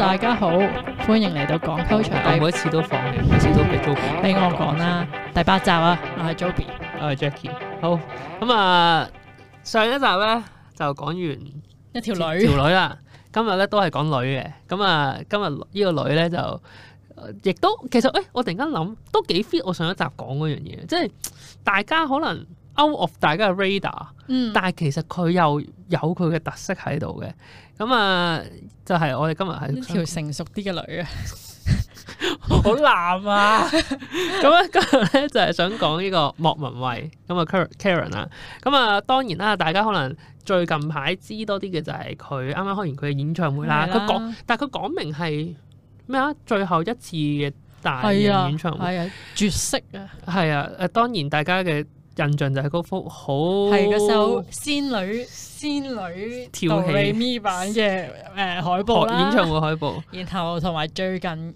大家好，歡迎嚟到港溝場。我每一次都放，每次都俾 Joey 俾 我講啦。第八集啊，我係 Joey 我係 Jackie 好咁啊、嗯，上一集咧就講完一條女條女啦。今日咧都係講女嘅。咁、嗯、啊，今日呢個女咧就亦、嗯、都其實誒、欸，我突然間諗都幾 fit。我上一集講嗰樣嘢，即係大家可能。Out of 大家嘅 Radar，但係其實佢又有佢嘅特色喺度嘅。咁啊，就係、是、我哋今日係條成熟啲嘅女啊， 好男啊。咁啊，今日咧就係想講呢個莫文蔚咁啊，Karen 啊。咁啊，當然啦，大家可能最近排知多啲嘅就係佢啱啱開完佢嘅演唱會啦。佢講的，但係佢講明係咩啊？最後一次嘅大演唱會啊，絕色啊，係啊。當然大家嘅。印象就係嗰幅好係嗰首仙女仙女調戲 m 版，嘅誒海報，演唱會海報。然後同埋最近，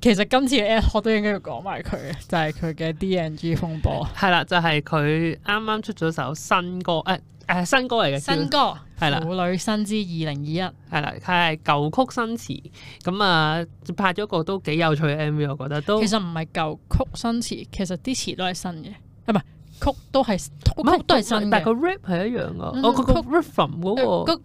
其實今次嘅 at 我都應該要講埋佢，就係佢嘅 D N G 風波。係啦、 嗯，就係佢啱啱出咗首新歌誒誒新歌嚟嘅新歌係啦，舞女新姿二零二一係啦，係、嗯、舊、嗯嗯、曲新詞，咁啊拍咗個都幾有趣嘅 M V，我覺得都其實唔係舊曲新詞，其實啲詞都係新嘅，係咪？曲都係曲都係新嘅，但係個 rap 係一樣噶。哦，曲 rap from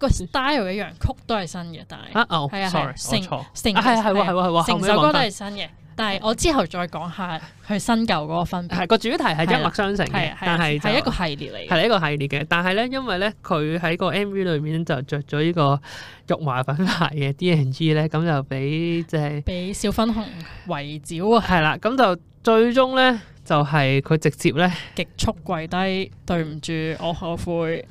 個，style 一樣，曲都係新嘅。但係啊，哦，係啊，係，sorry，係係係，成首歌都係新嘅。但係我之後再講下佢新舊嗰個分別。係個主題係一脈相承，但係係一個系列嚟，嘅。係一個系列嘅。但係咧，因為咧，佢喺個 MV 裏面就着咗呢個辱華品牌嘅 D N G 咧，咁就俾即係俾小粉紅圍剿。係啦，咁就最終咧。就係佢直接咧，極速跪低，對唔住， 我後悔。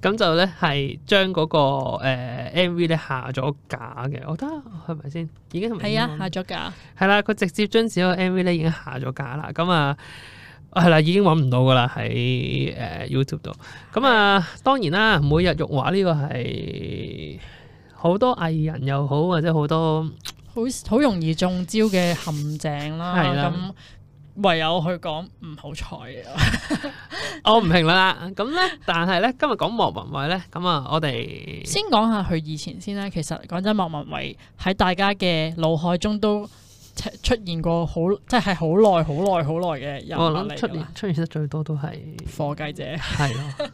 咁 就咧係將嗰個誒 M V 咧下咗架嘅，我覺得係咪先？已經係咪？係啊，下咗架。係啦、啊，佢直接將嗰個 M V 咧已經下咗架啦。咁、嗯、啊，係啦、啊，已經搵唔到噶啦，喺誒 YouTube 度。咁、嗯、啊，當然啦，每日辱華呢個係好多藝人又好，或者好多好好容易中招嘅陷阱啦。係啦。唯有去講唔好彩嘅，我唔評論啦。咁咧，但係咧，今日講莫文蔚咧，咁啊，我哋先講下佢以前先啦。其實講真，莫文蔚喺大家嘅腦海中都出現過好，即係好耐、好耐、好耐嘅人嚟。我諗出現出現得最多都係火雞雞姐，係 對咯。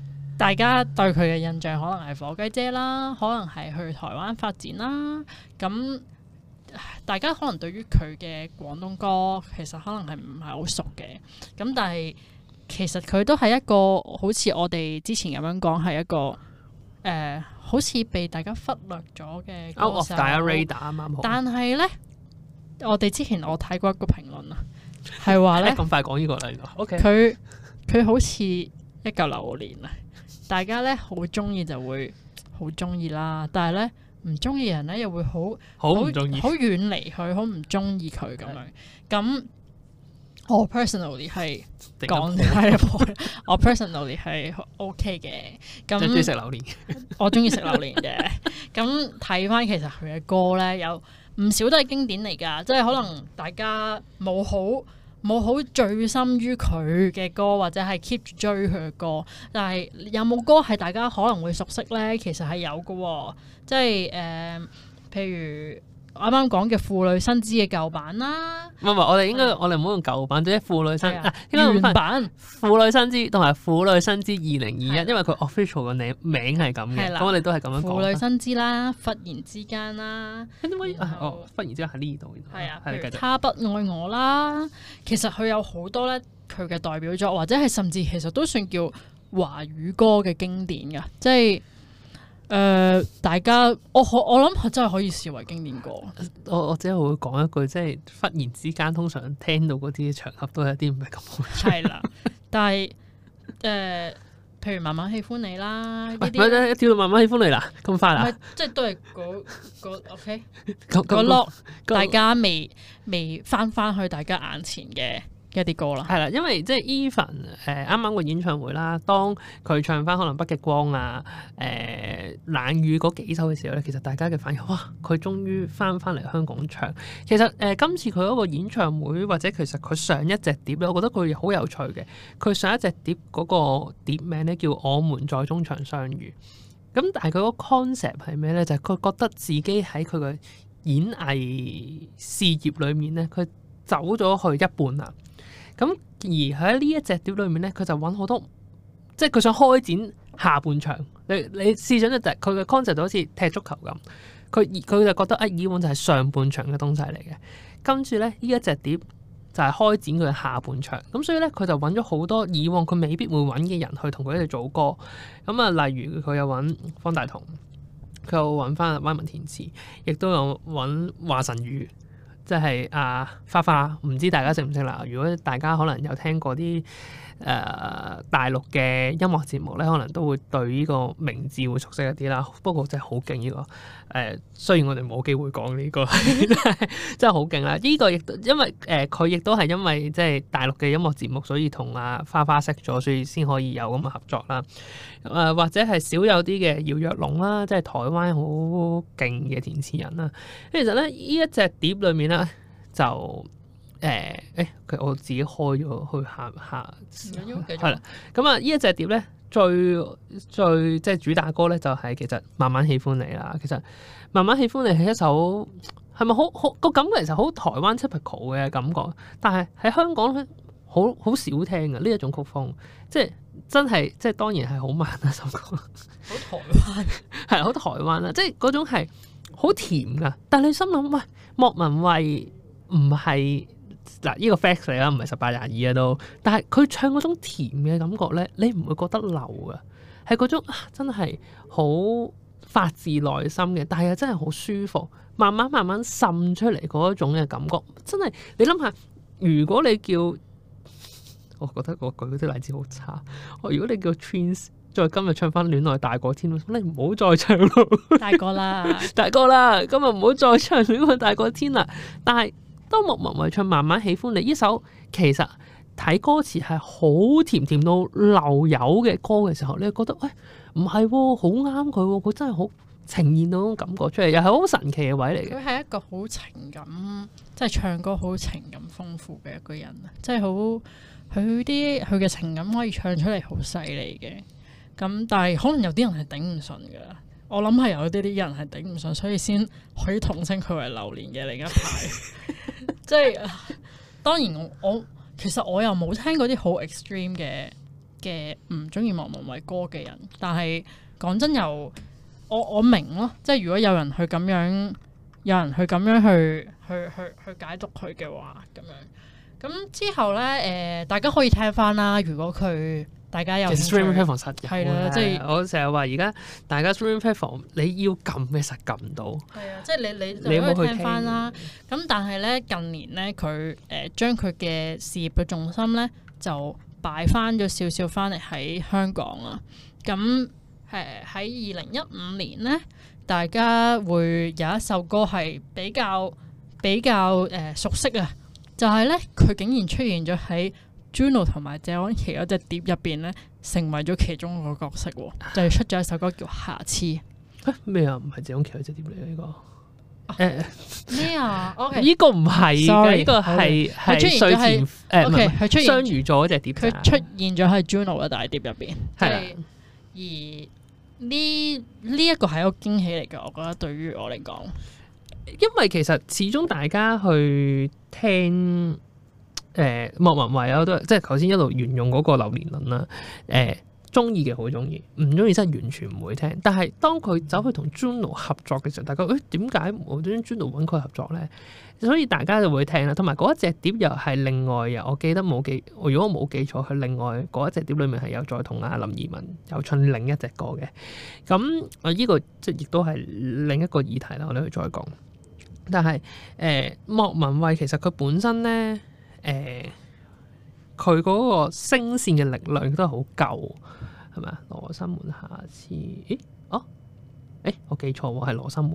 大家對佢嘅印象可能係火雞姐啦，可能係去台灣發展啦，咁。大家可能對於佢嘅廣東歌其實可能係唔係好熟嘅，咁但係其實佢都係一個好似我哋之前咁樣講係一個誒、呃，好似被大家忽略咗嘅。Out of the radar 啊，啱啱好。但係咧，我哋之前我睇過一個評論啊，係話咧咁快講呢個啦。OK，佢佢好似一嚿榴蓮啊！大家咧好中意就會好中意啦，但係咧。唔中意人咧，又會好好好遠離佢，好唔中意佢咁樣。咁我 personally 係講我 personally 係 OK 嘅。咁中意食榴槤，我中意食榴槤嘅。咁睇返其實佢嘅歌咧，有唔少都係經典嚟㗎，即係可能大家冇好冇好醉心於佢嘅歌，或者係 keep 住追佢嘅歌，但係有冇歌係大家可能會熟悉咧？其實係有噶、哦，即係誒、呃，譬如。啱啱講嘅《婦女新知》嘅舊版啦，唔係唔係，我哋應該、嗯、我哋唔好用舊版，即係《婦女新啊，應該用原版《婦女新知》，同埋《婦女新知二零二一》，因為佢 official 嘅名名係咁嘅，咁的我哋都係咁樣講《婦女新知》啦，忽然之間啦，然啊哦、忽然之間喺呢度，係啊的，係繼續。他不愛我啦，其實佢有好多咧，佢嘅代表作，或者係甚至其實都算叫華語歌嘅經典㗎，即係。誒、呃，大家我可我諗真係可以視為經典歌。我我只係會講一句，即係忽然之間通常聽到嗰啲場合都係啲唔係咁好。係啦，但係誒、呃，譬如慢慢喜歡你啦，哎、呢啲跳慢慢喜歡你啦，咁快啊？即係都係嗰嗰 OK 嗰 lock，大家未未翻翻去大家眼前嘅。一啲歌啦，係啦，因為即係 Evan 誒，啱啱個演唱會啦。當佢唱翻可能《北極光》啊、誒、呃《冷雨》嗰幾首嘅時候咧，其實大家嘅反應哇，佢終於翻翻嚟香港唱。其實誒、呃、今次佢嗰個演唱會或者其實佢上一隻碟咧，我覺得佢好有趣嘅。佢上一隻碟嗰個碟名咧叫《我們在中場相遇》。咁但係佢個 concept 係咩咧？就佢、是、覺得自己喺佢嘅演藝事業裡面咧，佢走咗去一半啦。咁而喺呢一隻碟裏面咧，佢就揾好多，即係佢想開展下半場。你你試想就係佢嘅 concept 好似踢足球咁，佢佢就覺得啊，以往就係上半場嘅東西嚟嘅，跟住咧呢一隻碟就係開展佢下半場。咁所以咧佢就揾咗好多以往佢未必會揾嘅人去同佢一齊做歌。咁、嗯、啊，例如佢又揾方大同，佢又揾返阿歪文填詞，亦都有揾華晨宇。即係啊，花花唔知大家識唔識啦。如果大家可能有聽過啲。誒、呃、大陸嘅音樂節目咧，可能都會對呢個名字會熟悉一啲啦。不過真係好勁呢個誒、呃，雖然我哋冇機會講呢、這個，真係好勁啦！呢、這個亦都因為誒佢亦都係因為，、呃、因為即係大陸嘅音樂節目，所以同阿、啊、花花識咗，所以先可以有咁嘅合作啦。誒、呃、或者係少有啲嘅姚若龍啦，即係台灣好勁嘅填詞人啦。其實咧，一隻呢一隻碟裏面咧就～誒，誒、哎，佢我自己開咗去下下，係啦，咁啊，呢一隻碟咧最最即係主打歌咧就係其實慢慢喜歡你啦。其實慢慢喜歡你係一首係咪好好個感覺？其實好台灣 typical 嘅感覺，但係喺香港好好少聽啊呢一種曲風，即係真係即係當然係好慢啊首歌，好台灣係好 台灣啦，即係嗰種係好甜噶。但係你心諗喂、哎，莫文蔚唔係。嗱，呢個 fact 嚟啦，唔係十八廿二啊都，但係佢唱嗰種甜嘅感覺咧，你唔會覺得流噶，係嗰種真係好發自內心嘅，但係又真係好舒服，慢慢慢慢滲出嚟嗰一種嘅感覺，真係你諗下，如果你叫，我覺得我舉嗰啲例子好差，我如果你叫 Twins 再今日唱翻《戀愛大過天》，你唔好再唱咯， 大過啦，大過啦，今日唔好再唱《戀愛大過天》啦，但係。都莫文蔚唱慢慢喜歡你呢首，其實睇歌詞係好甜甜到流油嘅歌嘅時候，你覺得，喂、哎，唔係、哦，好啱佢，佢真係好呈現到種感覺出嚟，又係好神奇嘅位嚟嘅。佢係一個好情感，即係唱歌好情感豐富嘅一個人，即係好佢啲佢嘅情感可以唱出嚟好犀利嘅。咁但係可能有啲人係頂唔順嘅。我諗係有啲啲人係頂唔順，所以先可以統稱佢為榴蓮嘅另一派、 就是。即係當然我其實我又冇聽嗰啲好 extreme 嘅嘅唔中意莫文蔚歌嘅人，但係講真由我我明咯，即係如果有人去咁樣，有人去咁樣去去去去解讀佢嘅話，咁樣咁之後咧，誒、呃、大家可以聽翻啦。如果佢。大家又 stream platform 實有，係啦，即係我成日話而家大家 stream platform，你要撳嘅實撳唔到。係啊，即係你你你冇去聽啦。咁但係咧，近年咧，佢誒將佢嘅事業嘅重心咧，就擺翻咗少少翻嚟喺香港啊。咁誒喺二零一五年咧，大家會有一首歌係比較比較誒、呃、熟悉啊，就係、是、咧，佢竟然出現咗喺。Juno 同埋謝安琪嗰隻碟入邊咧，成為咗其中一個角色，就係、是、出咗一首歌叫《瑕疵》。咩啊？唔係謝安琪嗰隻碟嚟嘅呢個？誒咩啊？O K 呢個唔係呢個係係水前誒，O K 係雙魚座嗰隻碟。佢出現咗喺 Juno 嘅大碟入邊，係啦的。而呢呢一個係一個驚喜嚟嘅，我覺得對於我嚟講，因為其實始終大家去聽。誒、哎、莫文蔚我都即係頭先一路沿用嗰個榴槤論啦。誒中意嘅好中意，唔中意真係完全唔會聽。但係當佢走去同 Juno 合作嘅時候，大家誒點解冇端 Juno 揾佢合作咧？所以大家就會聽啦。同埋嗰一隻碟又係另外，我記得冇記。如果我冇記錯，佢另外嗰一隻碟裡面係有再同阿林二汶有唱另一隻歌嘅。咁我依個即亦都係另一個議題啦。我哋去再講。但係誒、哎、莫文蔚其實佢本身咧。誒，佢嗰個聲線嘅力量都係好夠，係咪啊？羅生門，下次，咦？哦，誒，我記錯，係羅生門，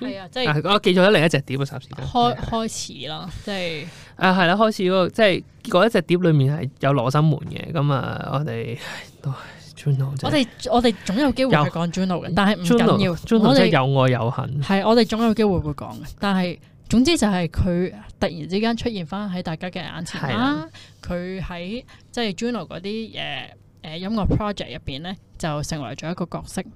係、嗯、啊，即係、啊、我記錯咗另一隻碟嘅霎時間。開開始啦，即係啊，係啦，開始嗰、就是啊啊那個，即係一隻碟裏面係有羅生門嘅，咁、嗯、啊，我哋 Juno 我哋我哋總有機會去講 Juno 嘅有，但係唔緊要，即係 Juno 我哋有愛有恨，係，我哋總有機會會講嘅，但係。總之就係佢突然之間出現翻喺大家嘅眼前啦、啊，佢喺即係 Juno 嗰啲誒誒、呃呃、音樂 project 入邊咧，就成為咗一個角色。咁、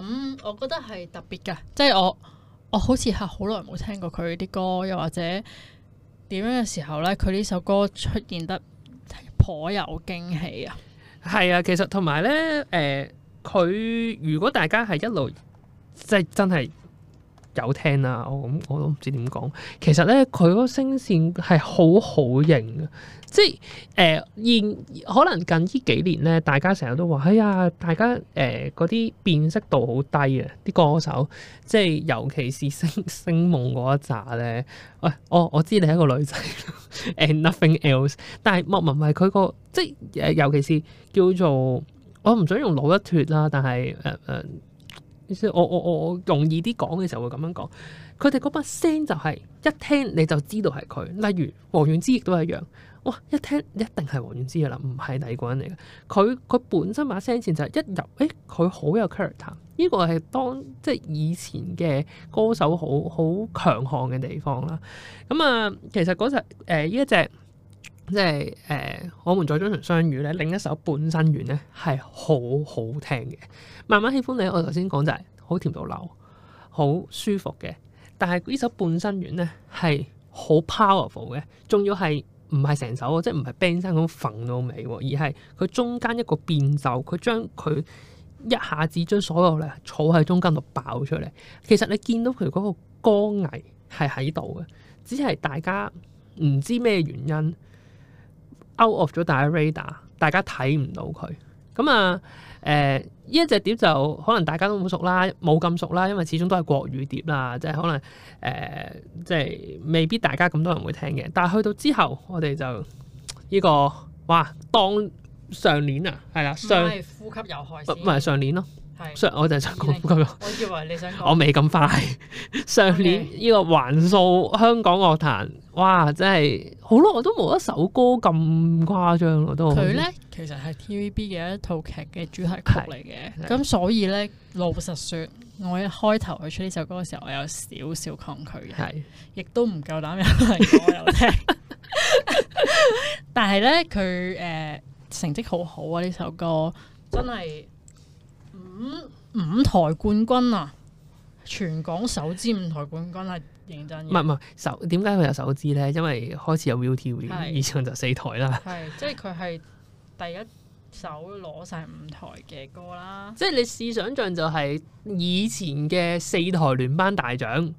嗯、我覺得係特別噶，即、就、係、是、我我好似係好耐冇聽過佢啲歌，又或者點樣嘅時候咧，佢呢首歌出現得頗有驚喜啊！係啊，其實同埋咧，誒，佢、呃、如果大家係一路即係、就是、真係。有聽啦，我咁我都唔知點講。其實咧，佢個聲線係好好型嘅，即係誒、呃、現可能近呢幾年咧，大家成日都話：哎呀，大家誒嗰啲辨識度好低啊！啲歌手即係尤其是聲聲夢嗰一紮咧。喂、哎，我我知你係一個女仔 and nothing else。但係莫文蔚佢個即係誒、呃，尤其是叫做我唔想用老一脱啦，但係誒誒。呃呃所以我我我我容易啲講嘅時候會咁樣講，佢哋嗰把聲就係、是、一聽你就知道係佢。例如王菀之亦都一樣，哇！一聽一定係王菀之嘅啦，唔係第二個人嚟嘅。佢佢本身把聲前就係一入，誒佢好有 character，呢、這個係當即係以前嘅歌手好好強項嘅地方啦。咁、嗯、啊，其實嗰陣誒呢一隻。即係誒、呃，我們在中場相遇咧。另一首《半生緣》咧係好好聽嘅。慢慢喜歡你，我頭先講就係好甜到流，好舒服嘅。但係呢首《半生緣》咧係好 powerful 嘅，仲要係唔係成首即係唔係 band 生咁焚到尾，而係佢中間一個變奏，佢將佢一下子將所有咧坐喺中間度爆出嚟。其實你見到佢嗰個歌藝係喺度嘅，只係大家唔知咩原因。out of 咗大 Radar，大家睇唔到佢。咁啊，誒、呃、呢一隻碟就可能大家都冇熟啦，冇咁熟啦，因為始終都係國語碟啦，即係可能誒、呃，即係未必大家咁多人會聽嘅。但係去到之後，我哋就呢、這個哇，當上年啊，係啦，上呼吸有害，唔係、呃、上年咯。上 我就係想講我以為你想講，我未咁快。Okay. 上年呢個橫掃香港樂壇，哇，真係好耐都冇一首歌咁誇張咯，我都佢咧其實係 TVB 嘅一套劇嘅主題曲嚟嘅，咁所以咧，老實説，我一開頭去出呢首歌嘅時候，我有少少抗拒嘅，亦都唔夠膽入嚟，我又聽。 但係咧，佢誒、呃、成績好好啊！呢首歌真係～五五台冠軍啊！全港首支五台冠軍係認真的的，唔係唔係首？點解佢有首支咧？因為開始有 ViuTV，是以上就四台啦。係即係佢係第一首攞晒五台嘅歌啦。 即係你試想象，就係以前嘅四台聯頒大獎。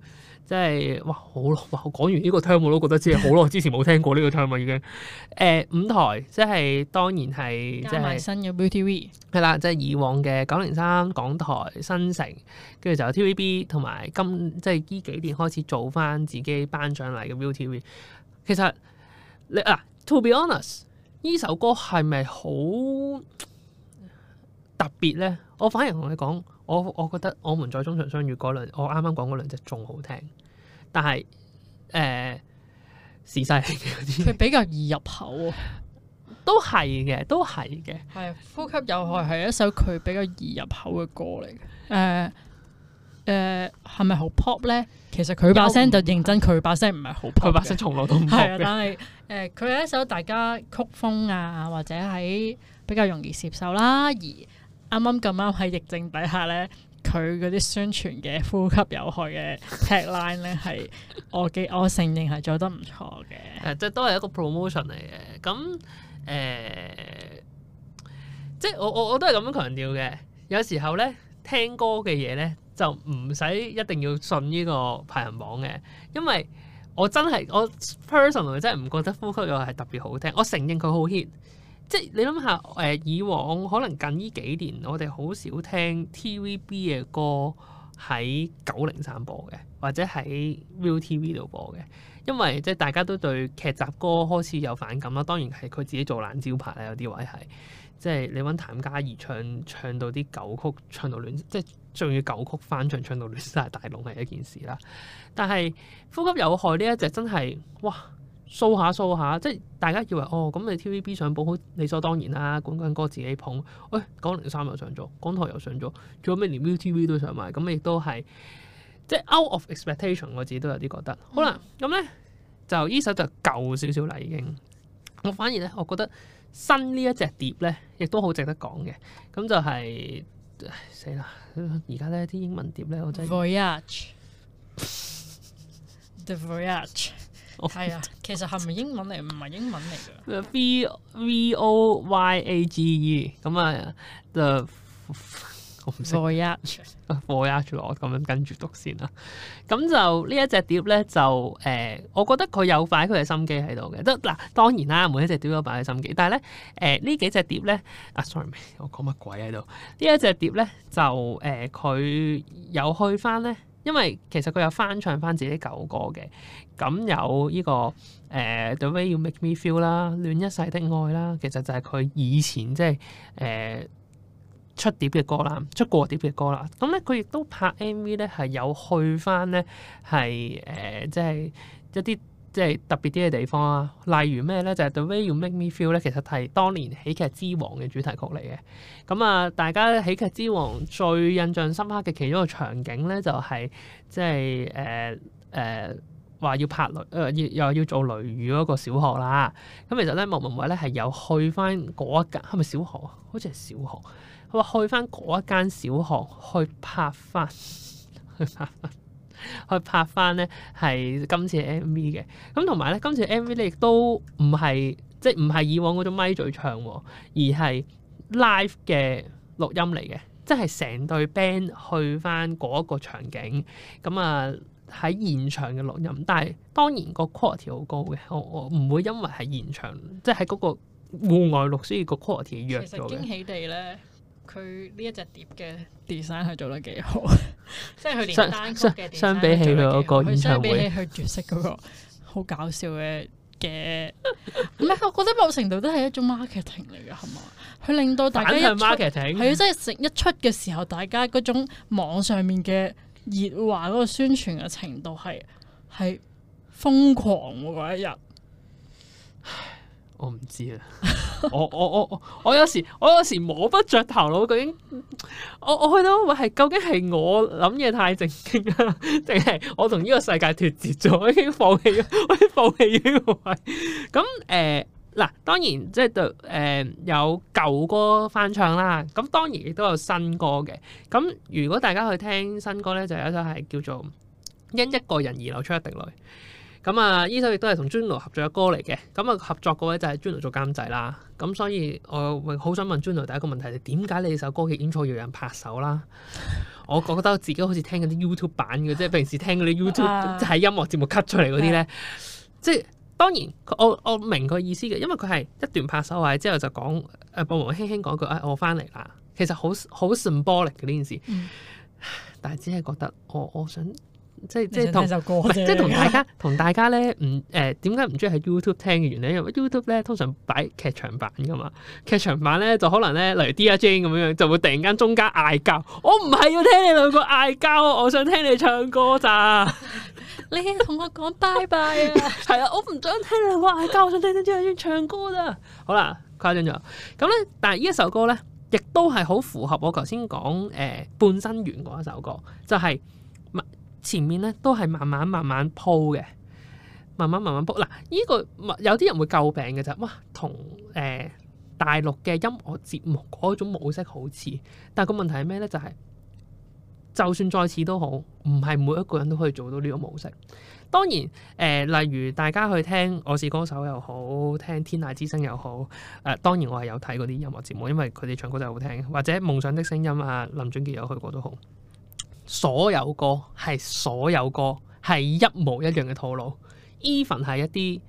即係哇，好耐！我講完呢個 theme 我都覺得真係好耐之前冇聽過呢個 theme 啊，已經。誒，五台即係當然係即係新嘅 ViuTV 係啦，即係以往嘅九零三港台新城，跟住就有 TVB 同埋今即係呢幾年開始做返自己頒獎禮嘅 ViuTV。其實你啊，to be honest，呢首歌係咪好特別咧？我反而同你講。我我覺得我們在中場相遇嗰兩，我啱啱講嗰兩隻仲好聽，但係誒、呃、時勢嗰啲，佢比較易入口，啊都，都係嘅，都係嘅。係呼吸有害係一首佢比較易入口嘅歌嚟嘅。誒誒係咪好 pop 咧？其實佢把聲就認真，佢把聲唔係好 pop，佢把聲從來都唔 pop。但係誒，佢、呃、係一首大家曲風啊，或者喺比較容易接受啦、啊，而。啱啱咁啱喺疫症底下咧，佢嗰啲宣傳嘅呼吸有害嘅 headline 咧，係我嘅我承認係做得唔錯嘅、 嗯呃，即係都係一個 promotion 嚟嘅。咁誒，即係我我我都係咁樣強調嘅。有時候咧聽歌嘅嘢咧，就唔使一定要信呢個排行榜嘅，因為我真係我 personally 真係唔覺得呼吸有害係特別好聽，我承認佢好 hit。即係你諗下，誒、呃、以往可能近呢幾年，我哋好少聽 TVB 嘅歌喺九零三播嘅，或者喺 ViuTV 度播嘅，因為即係大家都對劇集歌開始有反感啦。當然係佢自己做爛招牌啦，有啲位係即係你揾譚嘉儀唱唱到啲舊曲，唱到亂，即係仲要舊曲翻唱，唱到亂曬大籠係一件事啦。但係呼吸有害呢一隻真係哇！掃下掃下，即係大家以為哦，咁你 TVB 上報好理所當然啦，冠軍歌自己捧，喂、哎，江零三又上咗，港台又上咗，做咩連 U TV 都上埋，咁亦都係即係 out of expectation，我自己都有啲覺得。嗯、好啦，咁咧就呢首就舊少少啦，已經。我反而咧，我覺得新呢一隻碟咧，亦都好值得講嘅。咁就係死啦！而家咧啲英文碟咧，我真係。係啊，其實係咪英文嚟？唔係英文嚟嘅。V V O Y A G E 咁、嗯、啊、嗯，我唔識。Four R Four 我咁樣跟住讀先啦。咁 就呢一隻碟咧，就誒、呃，我覺得佢有擺佢嘅心機喺度嘅。得嗱，當然啦，每一隻碟都有擺佢心機。但係咧，誒、呃、呢幾隻碟咧，啊，sorry，我講乜鬼喺度？呢一隻碟咧，就誒，佢、呃、有去翻咧。因為其實佢有翻唱翻自己舊歌嘅，咁有呢、這個誒、呃、《The Way You Make Me Feel》啦，《戀一世的愛》啦，其實就係佢以前即係誒出碟嘅歌啦，出過碟嘅歌啦。咁咧佢亦都拍 MV 咧係有去翻咧係誒即係一啲。即係特別啲嘅地方啊，例如咩咧？就係、是《The Way You Make Me Feel》咧，其實係當年喜劇之王嘅主題曲嚟嘅。咁、嗯、啊，大家喜劇之王最印象深刻嘅其中一個場景咧、就是，就係即係誒誒話要拍雷，誒、呃、要又要做雷雨嗰個小學啦。咁、嗯、其實咧，莫文蔚咧係有去翻嗰一間，係咪小學？好似係小學。佢話去翻嗰一間小學去拍翻。 去拍翻咧，係今次 MV 嘅，咁同埋咧今次 MV 咧亦都唔係即係唔係以往嗰種咪嘴唱，而係 live 嘅錄音嚟嘅，即係成隊 band 去翻嗰一個場景，咁啊喺現場嘅錄音，但係當然個 quality 好高嘅，我我唔會因為係現場即係喺嗰個戶外錄，所以個 quality 弱咗嘅。佢呢一隻碟嘅 design 係做得幾好，即係佢單曲嘅。相比起佢嗰個演唱會，相比起佢絕色嗰個好搞笑嘅嘅，唔係 我覺得某程度都係一種 marketing 嚟嘅，係嘛？佢令到大家一 marketing 係啊，即係成一出嘅時候，大家嗰種網上面嘅熱話嗰個宣傳嘅程度係係瘋狂喎嗰一日。我唔知啊！ 我我我我有時我有時摸不着頭腦，究竟我我去到係究竟係我諗嘢太正經啊，定係我同呢個世界脫節咗，已經放棄，已經放棄呢位咁誒嗱。當然即係對誒有舊歌翻唱啦，咁當然亦都有新歌嘅。咁如果大家去聽新歌咧，就有一首係叫做因一個人而流出一滴淚。咁啊，呢首亦都係同 Juno 合作嘅歌嚟嘅。咁啊，合作嗰位就係 Juno 做監製啦。咁所以，我好想問 Juno 第一個問題係，就是：點解你首歌嘅演出要有人拍手啦？我覺得我自己好似聽緊啲 YouTube 版嘅，即係平時聽嗰啲 YouTube 即係音樂節目 cut 出嚟嗰啲咧。即係當然，我我明佢意思嘅，因為佢係一段拍手位之後就講誒，薄薄輕輕講句啊，我翻嚟啦。其實好好 symbolic 嘅呢件事，但係只係覺得我我想。即係即係同即係同大家同大家咧唔、誒，點解唔中意喺 YouTube 聽嘅原因呢？因為 YouTube 咧通常擺劇場版噶嘛，劇場版咧就可能咧，例如 DJ 咁樣樣，就會突然間中間嗌交。 我唔係要聽你兩個嗌交，我想聽你唱歌咋？ 你要同我講 bye bye 啊？係 啊，我唔想聽你兩個嗌交，我想聽你只係唱歌咋。好啦，誇張咗。咁咧，但係呢一首歌咧，亦都係好符合我頭先講誒，半生緣嗰一首歌，就係、是。前面咧都係慢慢慢慢鋪嘅，慢慢慢慢鋪嗱，呢、啊這個有啲人會詬病嘅就，哇，同誒、呃、大陸嘅音樂節目嗰種模式好似，但係個問題係咩咧？就係、是、就算再次都好，唔係每一個人都可以做到呢種模式。當然誒、呃，例如大家去聽《我是歌手》又好，聽《天籟之聲》又好，誒、呃、當然我係有睇嗰啲音樂節目，因為佢哋唱歌真係好聽，或者《夢想的聲音》啊，林俊傑有去過都好。所有歌係所有歌係一模一樣嘅套路，even 係一啲誒、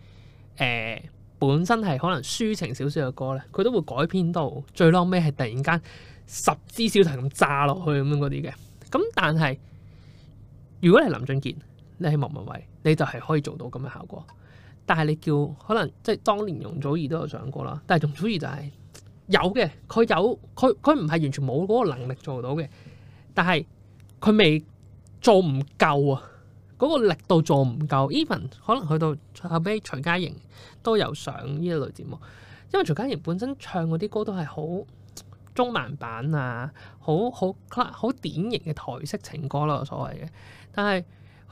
呃、本身係可能抒情少少嘅歌咧，佢都會改編到最落尾係突然間十支小提琴炸落去咁樣嗰啲嘅。咁但係，如果你係林俊傑，你係莫文蔚，你就係可以做到咁嘅效果。但係你叫可能即係當年容祖兒都有上過啦，但係容祖兒就係、是、有嘅，佢有佢佢唔係完全冇嗰個能力做到嘅，但係。佢未做唔夠啊！嗰個力度做唔夠，even 可能去到後尾，徐佳瑩都有上呢一類節目，因為徐佳瑩本身唱嗰啲歌都係好中文版啊，好好好典型嘅台式情歌咯。所謂嘅。但係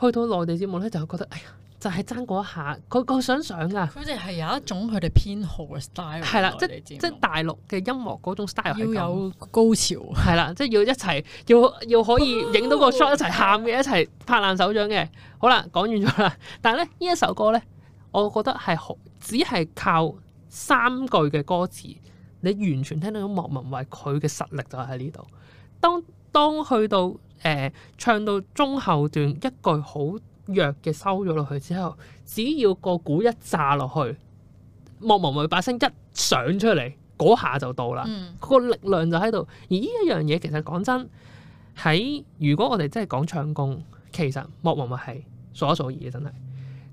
去到內地節目咧，就覺得哎呀～就係爭嗰一下，佢佢想想啊！佢哋係有一種佢哋偏好嘅 style，係啦，即係即係大陸嘅音樂嗰種 style，要有高潮，係啦，即係要一齊，要要可以影到個 shot，一齊喊嘅，一齊拍爛手掌嘅。好啦，講完咗啦。 但係咧，呢一首歌咧，我覺得係好，只係靠三句嘅歌詞，你完全聽到莫文蔚佢嘅實力就喺呢度。當當去到誒唱到中後段一句好弱嘅收咗落去之後，只要個鼓一炸落去，莫文蔚把聲一上出嚟，嗰下就到啦。佢、嗯、個力量就喺度。而呢一樣嘢，其實講真，喺如果我哋真係講唱功，其實莫文蔚係數一數二嘅，真係。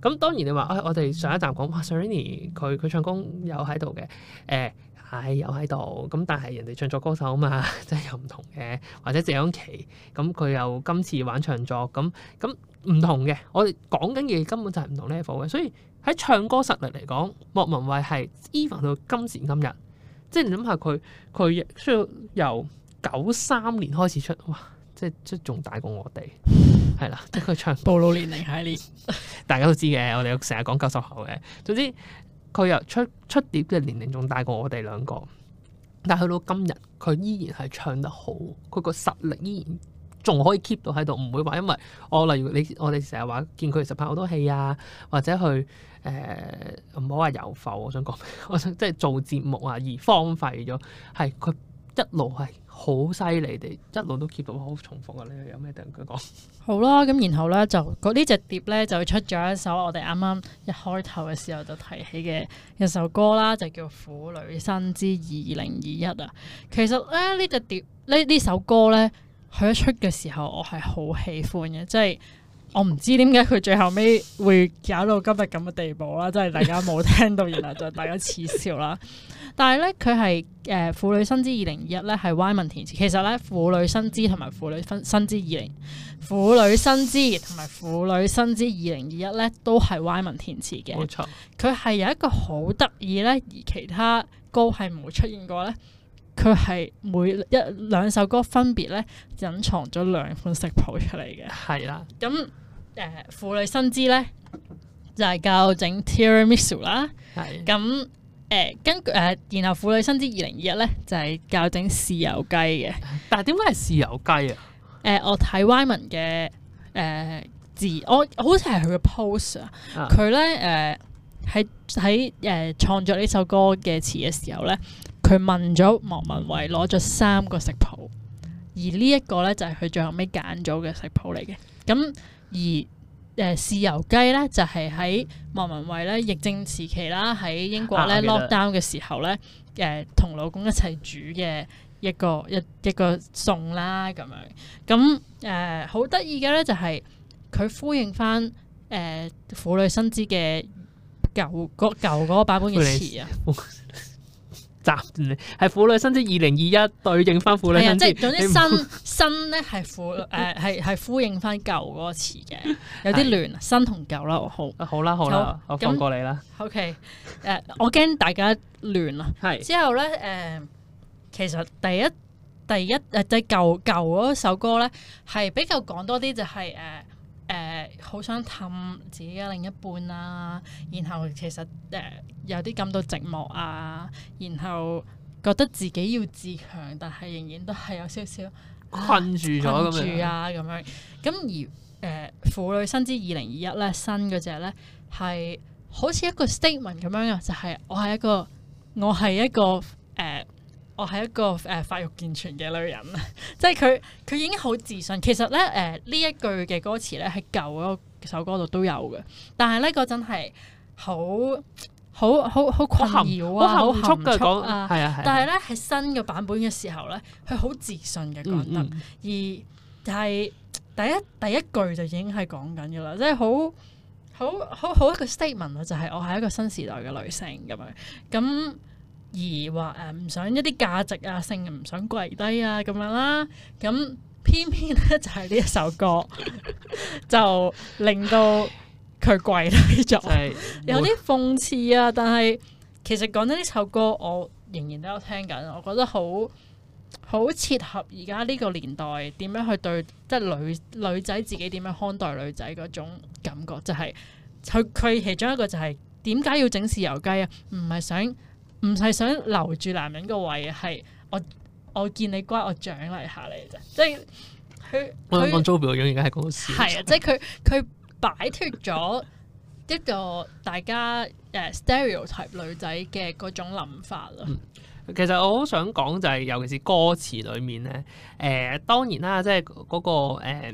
咁當然你話，啊、哎、我哋上一集講哇 Serrini 佢佢唱功有喺度嘅，誒、呃、係、哎、有喺度，咁但係人哋唱作歌手啊嘛，即係唔同嘅，或者謝安琪，咁、嗯、佢又今次玩唱作，咁咁唔同嘅，我哋講緊嘢根本就係唔同 level 嘅，所以喺唱歌實力嚟講，莫文蔚係 even 到今時今日，即係你諗下佢佢需要由九三年開始出，哇！即係即仲大過我哋。係啦，即係佢唱暴露年齡系列， 大家都知嘅。我哋成日講九十後嘅，總之佢又出出碟嘅年齡仲大過我哋兩個，但係去到今日，佢依然係唱得好，佢個實力依然仲可以 keep 到喺度，唔會話因為我、哦、例如你，我哋成日話見佢實拍好多戲啊，或者去誒唔好話有浮，我想講，我 想即係做節目啊而荒廢咗，係佢一路係。好犀利哋一路都 keep 到好重複啊！你有咩突然間講？好啦，咁然後咧就嗰呢隻碟咧就出咗一首我哋啱啱一開頭嘅時候就提起嘅一首歌啦，就叫《苦女生之二零二一》啊。其實咧呢隻碟呢呢首歌咧佢一出嘅時候，我係好喜歡嘅，即係我唔知點解佢最後尾會搞到今日咁嘅地步啦，即係大家冇聽到，然後 就大家恥笑啦。但係咧，佢係誒婦女新姿二零二一咧，係歪文填詞。其實咧，婦女新姿同埋婦女新新姿二零婦女新姿同埋婦女新姿二零二一咧，都係歪文填詞嘅。冇錯，佢係有一個好得意咧，而其他歌係冇出現過咧。佢係每一兩首歌分別咧隱藏咗兩款食譜出嚟嘅。係的、嗯呃就是、啦，咁誒婦女新姿咧就係教整 tiramisu 啦、 嗯。係咁、嗯。誒、呃，根據誒、呃，然後《婦女新知》二零二一咧就係、是、教整豉油雞嘅，但係點解係豉油雞啊？誒、呃，我睇 Wyman 嘅誒、呃、字，我好似係佢嘅 post 佢咧誒係喺誒創作呢首歌嘅詞嘅時候咧，佢問咗莫文蔚攞咗三個食譜，而呢一個咧就係、是、佢最後屘揀咗嘅食譜嚟嘅，咁而。而誒豉油雞咧，就係喺莫文蔚咧疫症時期啦，喺英國咧 lockdown 嘅時候咧，誒同老公一齊煮嘅一個一一個餸啦咁樣。咁誒好得意嘅咧，呃、就係佢呼應翻誒、呃、婦女身姿嘅舊個舊嗰個版本嘅詞啊！ 集咧係婦女生之二零二一對應翻婦女即係總之新不新咧係呼誒係係呼應翻舊嗰個詞嘅，有啲亂， 的新同舊啦，好好啦好啦，我放過你啦。OK，誒、呃，我驚大家亂啦。係 之後咧，誒、呃，其實第一第一誒即係舊舊嗰首歌咧，係比較講多啲就係、是、誒。呃誒好、呃、想氹自己嘅另一半啊，然後其實誒、呃、有啲感到寂寞啊，然後覺得自己要自強，但係仍然都係有少少、啊、困住咗住啊，咁樣咁而誒婦、呃、女新之二零二一咧新嗰隻咧係好似一個 statement 咁樣嘅，就係、是、我係一個我係一個誒。呃我係一個誒呃、發育健全嘅女人，即係佢佢已經好自信。其實咧，誒、呃、呢一句嘅歌詞咧喺舊嗰首歌度都有嘅，但係咧嗰陣係好好好好困擾啊，好含蓄啊。係啊，但係咧係新嘅版本嘅時候咧，佢好自信嘅覺得，而係第一第一句就已經係講緊噶啦，嗯嗯即係好好好好一個 statement 就係我係一個新時代嘅女性咁樣咁。而話，誒唔想一啲價值啊，成日唔想跪低啊咁樣啦，咁偏偏咧就係呢一首歌 就令到佢跪低咗，有啲諷刺啊。但係其實講真，呢首歌我仍然都有聽緊，我覺得好好切合而家呢個年代點樣去對，即係女女仔自己點樣看待女仔嗰種感覺，就係佢佢其中一個就係點解要整豉油雞啊？唔係想。唔係想留住男人個位，係我我見你乖，我獎勵下你啫。即係佢，我想講 Joey 個樣而家係咁笑，係啊，即係佢佢擺脫咗一個大家誒、 呃、stereotype 女仔嘅嗰種諗法啦、嗯。其實我好想講就係、是，尤其是歌詞裏面咧，誒、呃，當然啦，即係嗰、那個誒、呃，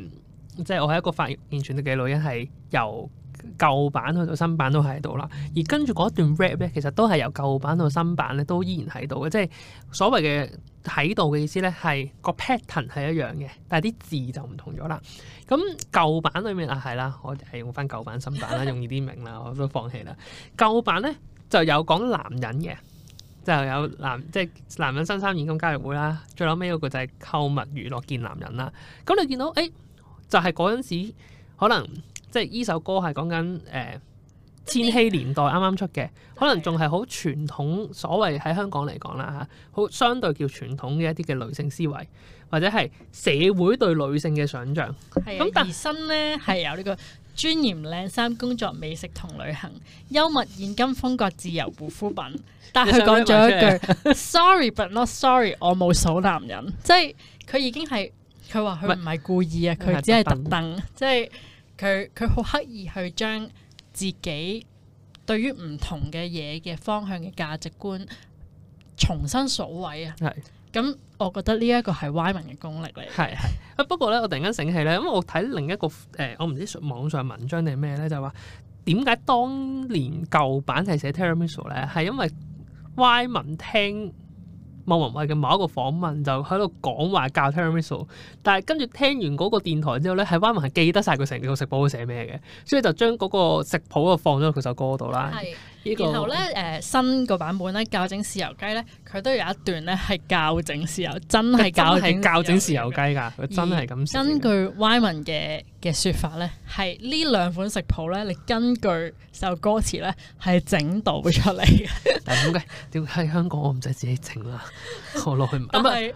即係我係一個發現全職嘅女人係由。舊版去到新版都喺度啦，而跟住嗰一段 rap 咧，其實都係由舊版到新版咧都依然喺度嘅，即係所謂嘅喺度嘅意思咧，係個 pattern 係一樣嘅，但係啲字就唔同咗啦。咁舊版裡面啊，係啦，我哋係用翻舊版新版啦，用呢啲名啦，我都放棄啦。 舊版咧就有講男人嘅，就有男即係男人新衫現金交易會啦，最後尾嗰個就係購物娛樂見男人啦。咁你見到誒、哎，就係嗰陣時可能。即係呢首歌係講緊誒千禧年代啱啱出嘅，可能仲係好傳統，所謂喺香港嚟講啦吓，好相對叫傳統嘅一啲嘅女性思維，或者係社會對女性嘅想象。咁、嗯、但新咧係有呢個尊嚴、靚衫、工作、美食同旅行、幽默、現金風格、自由護膚品。但係佢講咗一句 ，Sorry but not sorry，我冇數男人，即係佢已經係佢話佢唔係故意啊，佢是只係特登，即係是。就是佢佢好刻意去將自己對於唔同嘅嘢嘅方向嘅價值觀重新數位啊！係咁是，我覺得呢一個係歪文嘅功力嚟。係係，不過咧，我突然間醒起咧，咁我睇另一個誒、呃，我唔知網上文章定咩咧，就話點解當年舊版係寫 terrestrial 咧，係因為歪文聽。莫文蔚嘅某一個訪問就喺度講話教 Terminator，但係跟住聽完嗰個電台之後咧，係彎文係記得晒佢成個食譜會寫咩嘅，所以就將嗰個食譜啊，放咗喺佢首歌度啦。 然後咧，誒、呃、新個版本咧，教整豉油雞咧，佢都有一段咧係教整豉油，真係教整豉油雞㗎，佢真係咁。根據 Wyman 嘅嘅説法咧，係呢兩款食譜咧，你根據首歌詞咧係整到出嚟。 但係點解？點解喺香港我唔使自己整啦？我落去買。係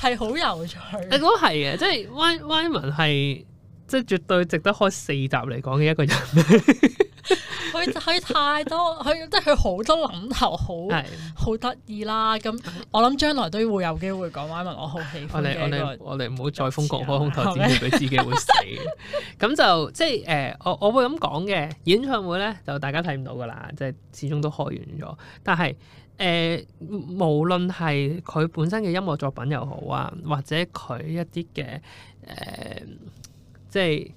係好有趣。誒都係嘅，即係 Wyman 係。即係絕對值得開四集嚟講嘅一個人 ，佢佢太多，佢即係佢好多諗頭，好好得意啦。咁我諗將來都會有機會講。因為我好喜歡、這個、我哋，我哋我哋唔好再瘋狂開空頭，只會俾自己會死。咁 就即係誒、呃，我我會咁講嘅。演唱會咧就大家睇唔到噶啦，即係始終都開完咗。但係誒、呃，無論係佢本身嘅音樂作品又好啊，或者佢一啲嘅誒。呃即係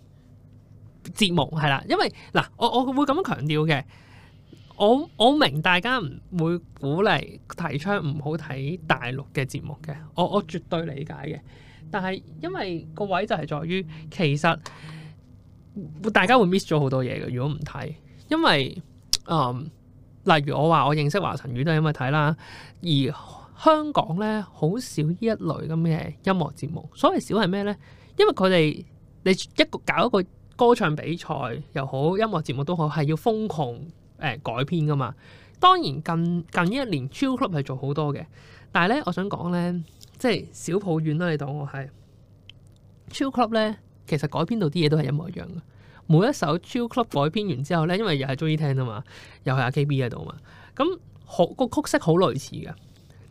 節目係啦，因為嗱，我我會咁強調嘅。我我明大家唔會鼓勵提倡唔好睇大陸嘅節目嘅，我我絕對理解嘅。但係因為個位就係在於，其實大家會 miss 咗好多嘢嘅。如果唔睇，因為嗯、呃，例如我話我認識華晨宇都係因為睇啦，而香港咧好少呢一類咁嘅音樂節目。所謂少係咩咧？因為佢哋。你一個搞一個歌唱比賽又好，音樂節目都好，係要瘋狂誒、欸、改編㗎嘛。當然近近一年，Chill Club 係做好多嘅，但係咧，我想講咧，即係小抱怨啦、啊。你當我係 Chill Club 咧，其實改編到啲嘢都係一模一樣嘅。每一首 Chill Club 改編完之後咧，因為又係鍾意聽啊嘛，又係阿 KB 喺度嘛，咁、那、好個曲式好類似嘅。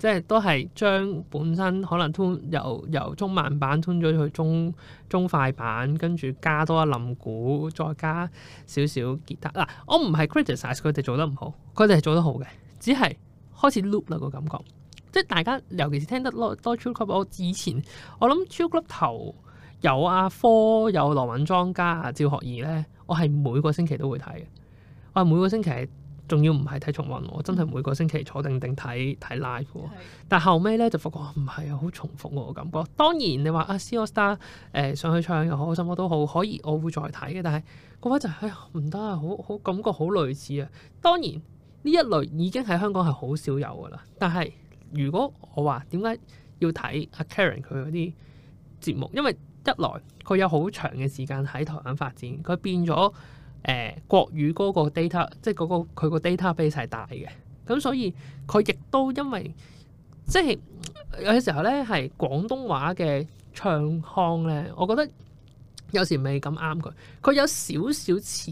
即係都係將本身可能通由由中慢板通咗去中中快板，跟住加多一冧鼓，再加少少吉他。嗱、啊。我唔係 criticize 佢哋做得唔好，佢哋係做得好嘅，只係開始 loop 啦、個感覺。即係大家尤其是聽得多多 Chill Club，我以前我諗 Chill Club 頭有阿、啊、科有羅敏莊加啊，趙學而咧，我係每個星期都會睇嘅，我係每個星期。仲要唔係睇重雲，我真係每個星期坐定定睇睇 live 喎。的但後尾咧就發覺唔係啊，好、哦、重複喎，感覺。當然你話阿 See a star 誒、呃、上去唱又好，什麼都好，可以我會再睇嘅。但係嗰位就是、哎唔得啊，好好感覺好類似啊。當然呢一類已經喺香港係好少有噶啦。但係如果我話點解要睇阿 Karen 佢嗰啲節目，因為一來佢有好長嘅時間喺台灣發展，佢變咗。誒、呃、國語嗰個 data，即係嗰個佢個 database 係大嘅，咁所以佢亦都因為即係有啲時候咧，係廣東話嘅唱腔咧，我覺得有時未咁啱佢，佢有少少似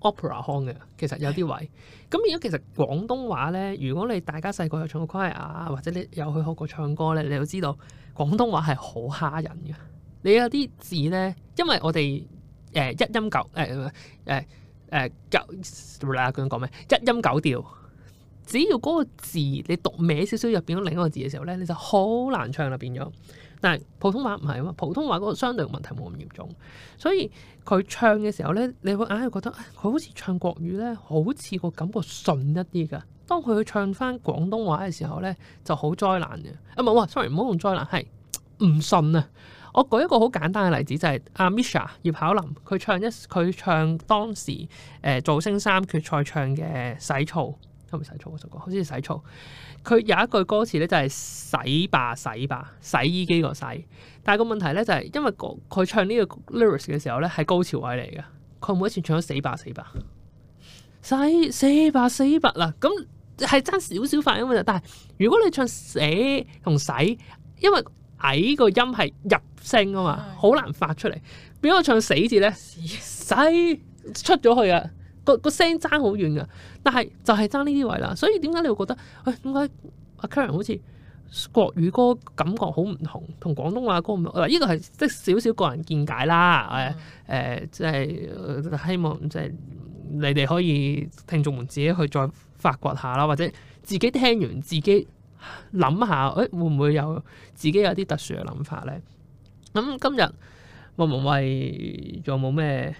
opera 腔嘅，其實有啲位。咁如果其實廣東話咧，如果你大家細個有唱過昆曲、啊、或者你有去學過唱歌咧，你都知道廣東話係好蝦人嘅。你有啲字咧，因為我哋。誒一音九誒誒誒九嗱，講咩？一音九調、啊，只要嗰個字你讀歪少少，入邊嗰另一個字嘅時候咧，你就好難唱啦，變咗。但係普通話唔係啊嘛，普通話嗰個相對問題冇咁嚴重，所以佢唱嘅時候咧，你會硬係覺得佢、哎、好似唱國語咧，好似個感覺順一啲噶。當佢去唱翻廣東話嘅時候咧，就災、啊嗯、好災難嘅。唔係，哇！sorry，唔好用災難，係唔順啊。我舉一個好簡單嘅例子，就係、是、阿 Misha 葉巧琳，佢唱一佢唱當時誒、呃、造星三決賽唱嘅洗澡，係咪洗澡啊？十個好似洗澡，佢有一句歌詞咧就係洗吧洗吧洗衣機個洗，但係個問題咧就係因為佢唱呢個 lyrics 嘅時候咧係高潮位嚟嘅，佢每一次唱咗四百四百洗四百四百啦，咁係爭少少發音嘅，但係如果你唱洗同洗，因為睇個音係入聲啊嘛，好難發出嚟。畀我唱死字咧，使出咗去啊！個個聲爭好遠噶，但係就係爭呢啲位啦。所以點解你會覺得？哎，點解阿 Karen 好似國語歌感覺好唔同，同廣東話歌唔同？嗱，呢個係即少少個人見解啦。誒誒、嗯，即係、呃即係、希望即係、即係、你哋可以聽眾們自己去再發掘下啦，或者自己聽完自己。諗下誒、哎，會唔會有自己有啲特殊嘅諗法咧？咁、嗯、今日莫文蔚仲有冇咩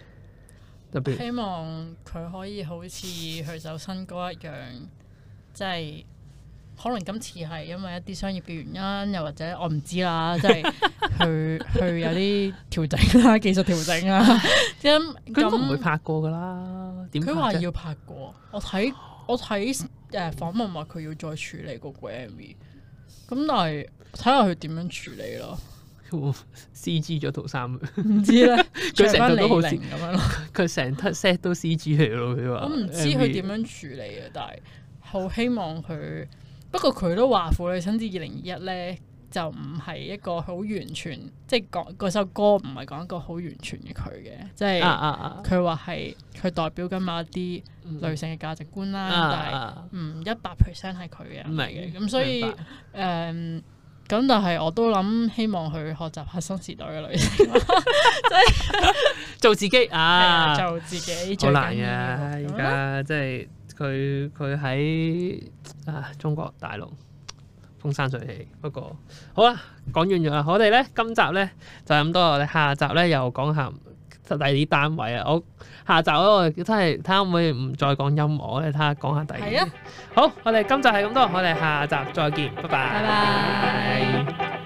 特別？希望佢可以好似去首新歌一樣，即、就、係、是、可能今次係因為一啲商業嘅原因，又或者我唔知啦，即、就、係、是、去 去有啲調整啦，技術調整啦。咁佢都唔會拍過噶啦，點佢話要拍過？我睇我睇。誒，訪問話佢要再處理個 grammy 咁但係睇下佢點樣處理咯、哦。C G 咗套衫，唔 知咧，佢成套都好似咁樣咯。佢成套 set 都 C G 嚟咯，佢話。我唔 知佢點樣處理啊，但係好希望佢。 不過佢都話，婦女春至二零二一咧。就唔係一個好完全，即係講嗰首歌唔係講一個好完全嘅佢嘅，即係佢話係佢代表緊某一啲女性嘅價值觀啦。但係唔一百 percent 係佢嘅，唔係嘅。咁所以誒，咁但係我都諗希望佢學習新生時代嘅女性，即係做自己啊，做自己最要難嘅。而家麼即係佢佢喺啊中國大陸。風山水起，不過好啦，啊，講完咗啦，我哋咧今集咧就咁多，我哋下集咧又講下第二啲單位不不啊，我下集我真係睇下可唔可以唔再講音樂咧，睇下講下第二。係啊，好，我哋今集係咁多，我哋下集再見，拜拜，拜拜 bye。Bye bye